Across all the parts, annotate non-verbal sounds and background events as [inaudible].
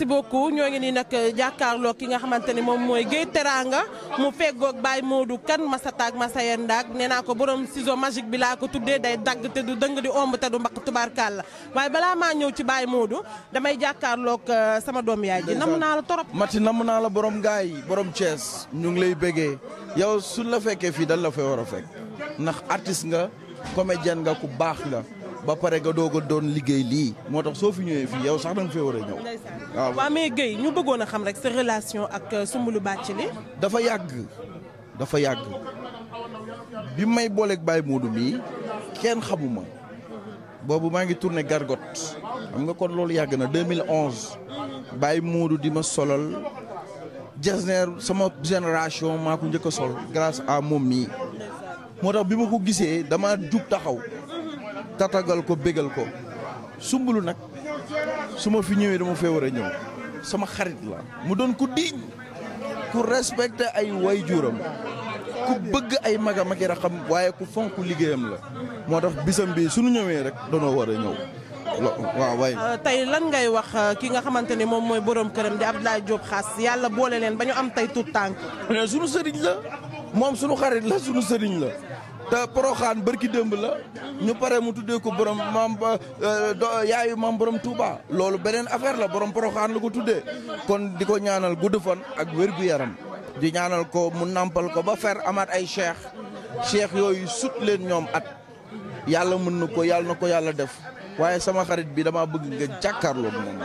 ci bokk ñoo ngi nii nag jàkkaarloo ki nga xamante ni moom mooy Gueye teraanga mu feggoog Baye Modou Kane Masata ak Masayendaak nee naa ko borom ciseau magique bi laa ko tuddee day dagg te du dëng di omb te du mbaq tubaarkàlla waaye balaa maa ñëw ci Baye Modou damay jàkkaarlook euh, sama doom yaay ji namu naa la torop mati namu naa la borom gaay yi borom Thiès ñu ngi lay bëggee yow suñ la fekkee fii dal la fay war a fekk ndax artiste nga comédienne nga ku baax nga ba pare nga doog a doon liggéey lii moo tax soo fi ñëwee fii yow sax da nga fee war a ñëw. Ah, waaw waaw mais Guèye ñu bëggoon a xam rek sa relation ak euh, Soumboulou Bathily. dafa yàgg dafa yàgg bi may booleeg Baye Modou mii kenn xamuma boobu maa ngi tourné gargote xam nga kon loolu yàgg na 2011 Baye Modou di ma solal jasner sama génération maa ko njëkk a sol grâce à moom mii moo tax bi ma ko gisee dama jug taxaw. tatagal ko bégal ko sumbulu nag su ma fi ñëwee dama fee war a ñëw sama xarit la mu doon ku diiñ ku respecté ay waajuram ku bëgg ay magam ak i raxam waaye ku fonk liggéeyam la moo tax bisam bi suñu ñëwee rek danoo war a ñëw waaw waay euh, tey lan ngay wax euh, ki nga xamante ni moom mooy borom këram di Abdoulaye Diop xaas yàlla boole leen ba ñu am tey tout tànk suñu sëriñ la moom suñu xarit la suñu sëriñ la te Poroxaan bërki démb la ñu pare mu tuddee ko borom maam euh, yaayu maam borom Touba loolu beneen affaire la borom Poroxaan la ko tuddee kon di ko ñaanal gudd fan ak wér gu yaram di ñaanal ko mu nàmpal ko ba fer amaat ay cheikh cheikh yooyu sut leen ñoom at yàlla mën na ko yàlla na ko yàlla def waaye sama xarit bi dama bëgg nga jàkkaarloo moom.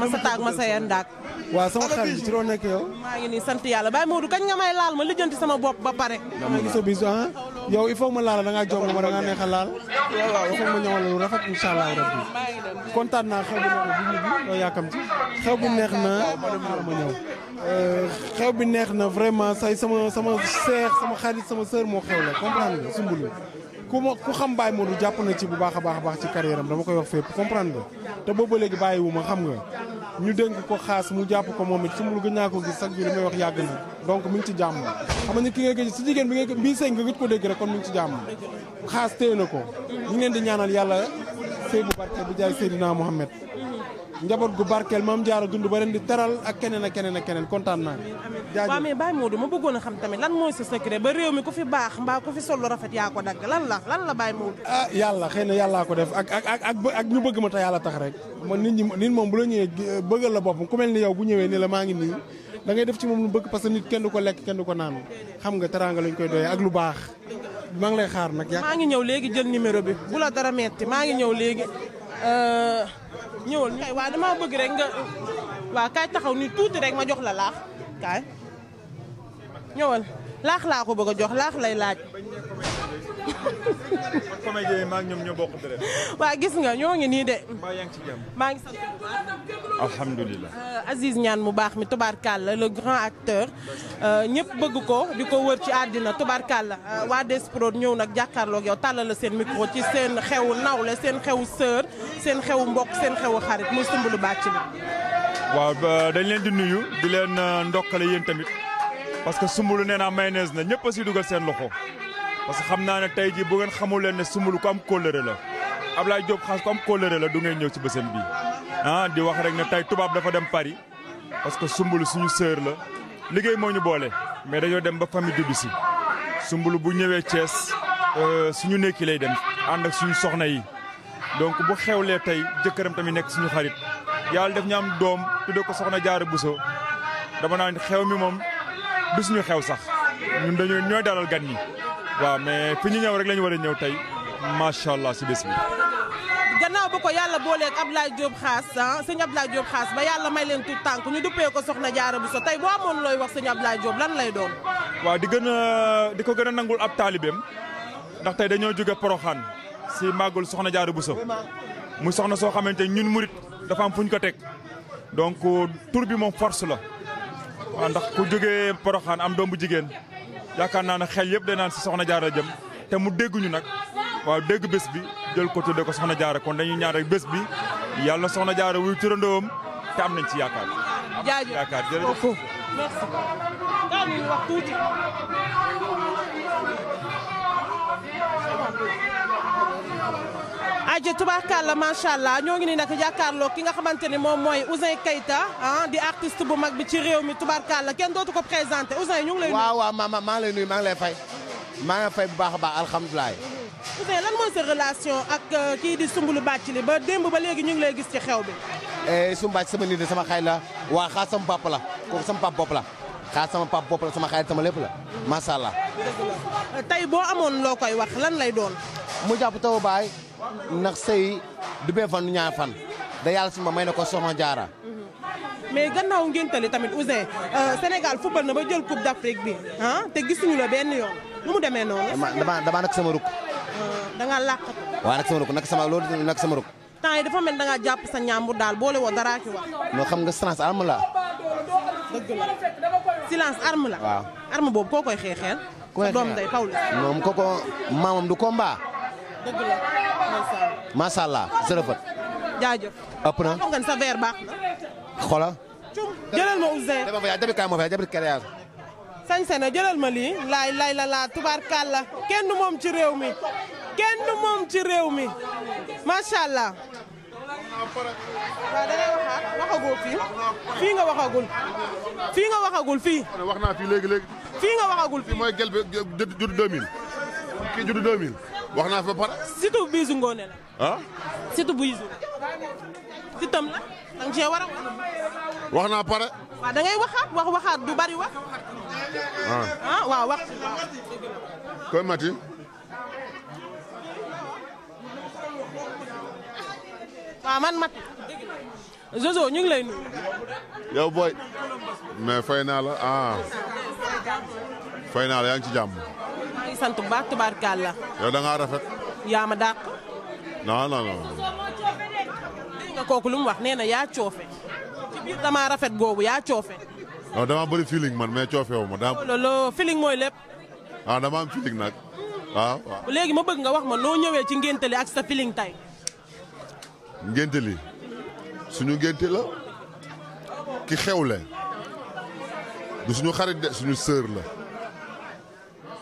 ma sa taag ma sa yan daak. waa sama xarit bi ci loo nekk yow. maa ngi nii sant yàlla Baye Modou kañ nga may laal ma lijjanti sama bopp ba pare. dama gis ah. yow i faut ma laal dangaa ngaa jox ma da ngaa neex a laal. waaw waaw il ma ñëwal lu rafet incha allah rabbi. kontaan naa xew bi neex na bu ñu loo yàkkam ci. xew bi neex na ma ñëw. Euh, xew bi neex na vraiment say sama sama seex sama xarit sama sœur moo xew la ku ma ku moo Baye Modou jàpp na ci bu baax a ci carrière am dama koy wax fépp comprendre nga te ba léegi bàyyi wu ma xam nga ñu dénk ko xaas mu jàpp ko moom ci su ma gën naa ko gis bi li may wax yàgg na donc mi ci jàmm xam nga ki nga gis si jigéen bi nga bii sëy nga gëj ko dégg rek kon mi ngi ci jàmm xaas téye na ko ñu ngi leen di ñaanal yàlla sëy bu barke bi jaay Seydina Mohamed njaboot gu barkeel maam jaara dund ba ren di teral ak keneen ak keneen ak keneen kontaan naa. jaajëf waaw mais Baye ma bëggoon a xam tamit lan mooy sa secret ba réew mi ku fi baax mbaa ku fi solo rafet yaa ko dagg lan la lan la baay Modou. ah yàlla xëy na yàllaa ko def ak ak ak ak ñu bëgg ma te yàlla tax rek man nit ñi nit moom bu la ñëwee bëggal la boppam ku mel ni yow bu ñëwee ni la maa ngi nii da ngay def ci moom lu bëgg parce que nit kenn du ko lekk kenn du ko naan xam nga teraanga lañ koy doyee ak lu baax maa ngi lay xaar nag. maa ngi ñëw léegi jël numéro bi bu la dara metti maa ngi ñëw léegi euh, ñëwal ñu. waa damaa bëgg rek nga waaw kaay taxaw ni tuuti rek ma jox la laax kaay ñëwal laax laa ko bëgg a jox laax lay laaj. waa gis nga ñoo ngi nii de. maa ngi sant bu baax. alhamdulilah. Euh, Aziz mu baax mi tubaarkàlla la grand acteur. Euh, ñëpp bëgg ko di ko wër ci àddina la euh, waa Desprod ñëw nag jàkkaarloog yow tàllal la seen micro ci seen xewu nawle seen xew sœur seen xew mbokk seen xew xarit mu muy Soumboulou Bathily. waaw dañ leen di nuyu di leen ndokkale yéen tamit parce que sumbulu nee naa na ñëpp a si dugal seen loxo. parce que xam naa ne tey jii bu ngeen xamul leen ne Soumboulou ku am kóllëre la Ablaye Diop Khass ku am kóllëre la du ngay ñëw ci bësam bi ah di wax rek ne tey tubaab dafa dem pari parce que Soumboulou suñu sœur la liggéey moo ñu boole mais dañoo dem ba famille juddu si Soumboulou bu ñëwee Thiès euh, suñu nekki lay dem ànd ak suñu soxna yi donc bu xewlee tey jëkkëram tamit nekk suñu xarit yàlla def ñu am doom tudde ko soxna Jaara Buso dama naan xew mi moom du suñu xew sax ñun dañoo ñooy dalal gan ñi waaw mais fi ñu ñëw rek la ñu war a ñëw tey macha allah si bés bi. gannaaw ba ko yàlla booleeg Abdoulaye Diop xaas ah sëñ Abdoulaye Diop xaas ba yàlla may leen tuut tànk ñu duppee ko Soxna Jaara sa tey boo amoon looy wax sëñ Abdoulaye jóob lan lay doon. waaw di gën a di ko gën a nangul ab taalibeem ndax tey dañoo jóge Poroxaan si màggul Soxna Jaara Buso muy soxna soo xamante ñun murit dafa am fu ñu ko teg donc euh, tur bi moom force la waaw ndax ku jóge Poroxaan am doom jigéen. yaakaar naa ne xel yëpp day naan si soxna jaara jëm te mu dégguñu nag waaw dégg bés bi jël ko tudde ko soxna jaara kon dañuy ñaan bés bi yàlla soxna jaara wuy turandoom te am nañ ci yaakaar. jaajëf yaakaar jërëjëf merci. aja tubaarkàlla macha allah ñoo ngi nii nag jàkkaarloo ki nga xamante ni moom mooy Ouzin Keita ah di artiste bu mag bi ci réew mi tubaarkàlla kenn dootu ko présenté Ouzin ñu ngi lay nuyu. waaw maama maa ngi lay nuyu maa ngi lay fay maa fay bu baax a baax alhamdulilah. Ouzin lan mooy sa relation ak euh, kii di Soumboulou Bathily ba démb ba léegi ñu ngi lay gis ci xew bi. Eh, Soumboulou Bathily sama nit sama xay la waa xaar sama papa la kooku sama papa bopp la xaar sama papa bopp la sama xay lépp la macha allah. tey boo amoon loo koy lan lay doon. mu jàpp taw baay ndax sëy du bee fan du ñaar fan da yàlla si ma may na ko soxna jaara mais gannaaw ngéntali tamit Ouzin euh, Sénégal football na ba jël coupe d'Afrique bi ah te gisuñu la benn yoon nu mu demee noonu. dama dama nag sama rukk. Euh, da nga làq. waaw nag sama rukk nag sama loolu nag sama rukk. temps yi dafa mel da jàpp sa ñàmbu daal boole woo dara ki wax. non xam nga silence arme la. dëgg la silence la. waaw arme boobu koo koy xeexeel. ku koy xeexeel doom day Pawlish. moom kooku maamam du combat. dëgg la macha allah sa rafet. jaajëf. ëpp na xam nga sa baax na. xoolal. jëlal ma Ouzin. dama fa yaay jabi kaay ma fa yaay ma lii laay lay la laa tubaarkàlla kenn du moom ci réew mi kenn moom ci réew mi macha allah. waaw da waxaat waxagoo fii fii nga waxagul fii waxagul fii. wax naa fii léegi waxagul fii. mooy gel bi judd 2000. kii wax naa fi ba pare. surtout biisu ngoone la. ah. surtout biisu. si tam la danga cee a wax. wax naa pare. waaw da ngay waxaat wax waxaat du bari wax. ah, ah waaw wax. koy mati. waaw man mati. Jojo ñu ngi lay nuyu. yow booy. mais fay naa la ah. fay naa la yaa ngi ci jàmm. ngi sant bu baax tubaarkàlla. yow da ngaa rafet. yaa ma dàq. non non non. dégg nga kooku lu mu wax nee na yaa coofe. ci biir damaa rafet boobu yaa coofe. non dama bëri feeling man mais coofe wu ma. looloo feeling mooy lépp. ah dama am feeling nag waaw ah, waaw. léegi ma bëgg nga wax ma noo ñëwee ci ngénteli ak sa feeling tey. ngénteli suñu ngénte la ki xewle du suñu xarit de suñu sœur la.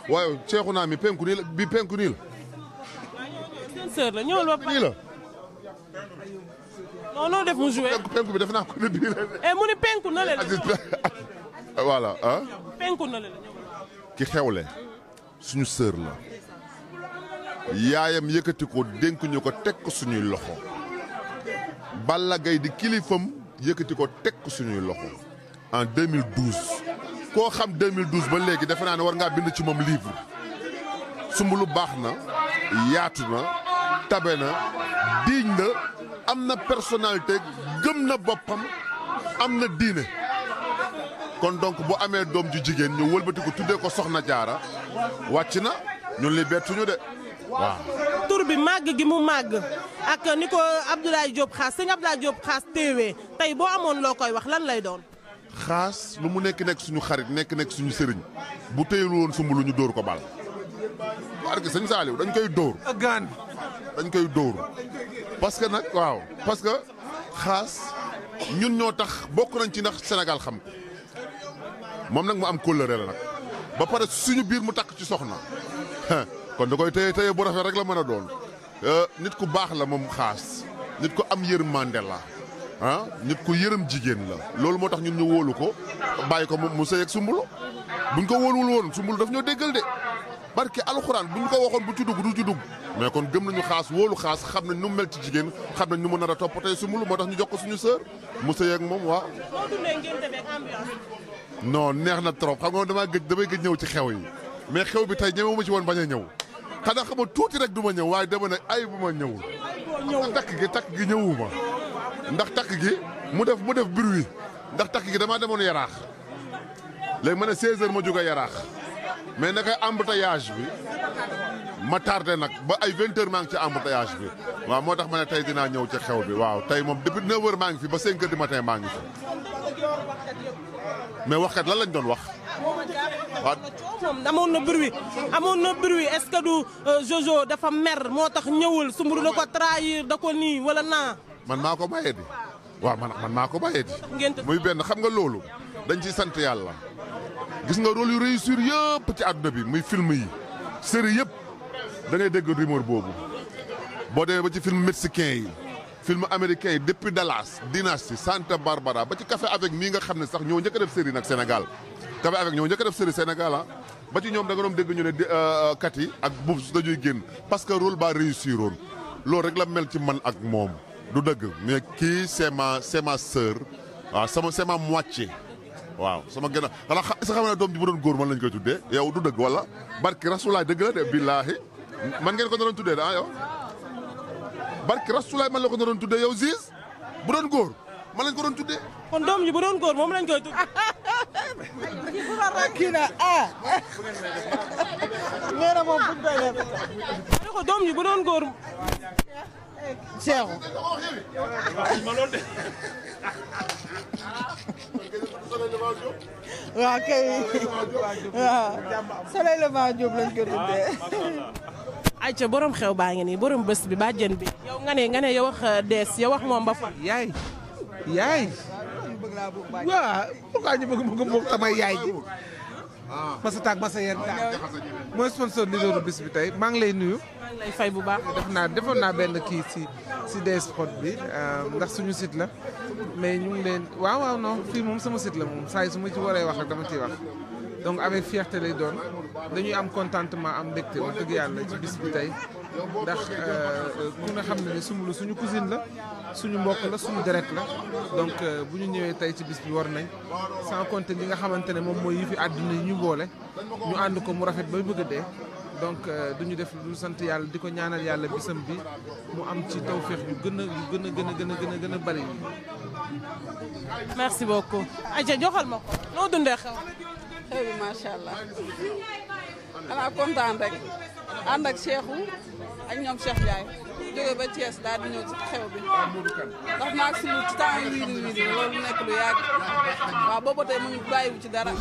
waaye Cheikhouna mi penku nii la bi penku nii la. seen sœur la ñëwal ba def mu joué penku penku bi def naa ko ni bii eh, ni penku na le [laughs] ah. le la. ki xewle suñu sœur la. yaayam yëkkati ko dénk teg ko suñuy loxo. Balla Gaye di kilifam yëkkati ko teg ko suñuy loxo. en koo xam 2012 ba léegi defe naa ne war ngaa bind ci moom livre sumb lu baax na yaatu na tabe na diiñ na am na personnalité gëm na boppam am na diine kon donc bu amee doom ju jigéen ñu wëlbati tuddee ko Soxna Jaara wàcc na ñun li suñu de waaw. tur bi màgg gi mu màgg ak ni ko Abdoulaye Diop Khass sëñ Abdoulaye Diop Khass teewee tey boo amoon loo koy wax lan lay doon. xaas lu mu nekk nekk suñu xarit nekk nekk suñu sëriñ bu téyul woon sumb lu ñu dóor ko bal parce que sëñ Saliou dañ koy dóor gaan dañ koy dóor parce que nag waaw parce que xaas ñun ñoo tax bokk nañ ci ndax Sénégal xam ko moom nag mu am kóllëre la nag ba pare suñu biir mu takk ci soxna [laughs] kon da koy téye téye bu rafet rek la mën a doon euh, nit ku baax la moom xaas nit ku am yërmande la ah nit ku yërëm jigéen la loolu moo tax ñun ñu wóolu ko bàyyi ko moom mu sëy ak sumbul buñ ko wóoluwul woon sumbul daf ñoo déggal de barke alxuraan buñ ko waxoon bu ci dugg du ci dugg mais kon gëm nañu xaas wóolu xaas xam nañ nu mel ci jigéen xam nañ nu mu nar a toppatee sumbul moo tax ñu jox ko suñu sœur mu sëy ak moom waaw. non neex na trop xam nga damaa gëj damay gëj ñëw ci xew yi mais xew bi tey ñemewu ci woon bañ a ñëw xanaa xam nga tuuti rek du ma ñëw waaye dama ne ay bu ma ñëwul. takk gi takk gi ndax takk gi mu def mu def bruit ndax takk gi damaa demoon yaraax léegi ma ne 16h ma jóg a yaraax mais naka embouteillage bi ma tardé nag ba ay 20h maa ngi ci embouteillage bi waaw moo tax ma ne tey dinaa ñëw ci xew bi waaw tey moom depuis 9h maa ngi fi ba 5h du matin maa ngi fi mais waxkat lan lañ doon wax. waaw moom amoon na bruit amoon na bruit est-ce euh, dafa mer moo tax ñëwul Soumboulou da ko trahir da ko nii wala naa. man maa ko bayee di waaw man man maa ko bayee muy benn xam nga loolu dañ ciy sant yàlla gis nga rôle yu réussir yëpp ci àdduna bi muy film yi série yëpp da ngay dégg rumeur boobu boo demee ba ci film mexicain yi film américain yi depuis Dallas Dynasty Santa Barbara ba ci kafe avec mii nga xam ne sax ñëw njëkk def série nag senegal Café avec ñoo njëkk def série Sénégal ah ba ci ñoom da nga dégg ñu ne kat euh, yi ak buub dañuy génn parce que rôle ba réussir woon loolu rek la mel ci man ak moom du dëgg mais kii c'est ma c'est ma sœur waaw sama c'est ma moitié waaw sama gën a sa xam ne doom ji bu doon góor man lañ koy tuddee yow du dëgg wala barki rasulaay dëgg la de billaahi man ngeen ko doon tuddee da ah, yow barki rasulaay man la ko doon tuddee yow Ziz bu doon góor man lañ ko doon tuddee. kon doom ji bu doon góor moom lañ koy tuddee. [laughs] kii na ah. [laughs] [laughs] ji bu doon Seexu waaw kay waaw Soleil Levant Diop lañ ko tuddee ayca borom xew baa ngi nii borom bés bi bàjjen bi yow nga ne nga ne yow wax dees yow wax moom ba fa yaay yaay waaw pourquoi ñu bëgg bëgg moom sama yaay ji Ah. masa taag masa yeen ah, taag mooy sponsor leaderu bis bi tey maa ngi lay nuyu. fay bu baax. def naa defoon naa benn kii si si DS Prod bi euh, ndax suñu sit la mais ñu ngi leen waaw waaw non fii moom sama site la moom saa yi su ma ci waree wax ak dama ci wax. donc avec fierté lay doon dañuy am contentement am mbégte wax dëgg yàlla ci bis bi tey. ndax euh, ku nga xam ne ne Soumboulou suñu cousine la suñu mbokk la suñu deret la donc euh, bu ñu ñëwee tey ci bis bi war nañ sans konte ñi nga xamante ne moom mooy yi fi àdduna yi ñu boole ñu ànd ko mu rafet ba bëgg a dee donc euh, du ñu def lu sant yàlla di ko ñaanal yàlla bisam bi mu am ci tawféex yu gën a yu gën a gën a gën a gën a gën a bari merci beaucoup. joxal ma ko. dundee xew. xew allah. xanaa kontaan rek ànd ak Cheikhou ak ñoom Cheikh Ndiaye jóge ba Thiès daal di ñëw ci xew bi ndax maag suñu ci temps yi wiiri wiiri loolu nekk lu yàgg waaw booba tey mu ngi bàyyiwu ci dara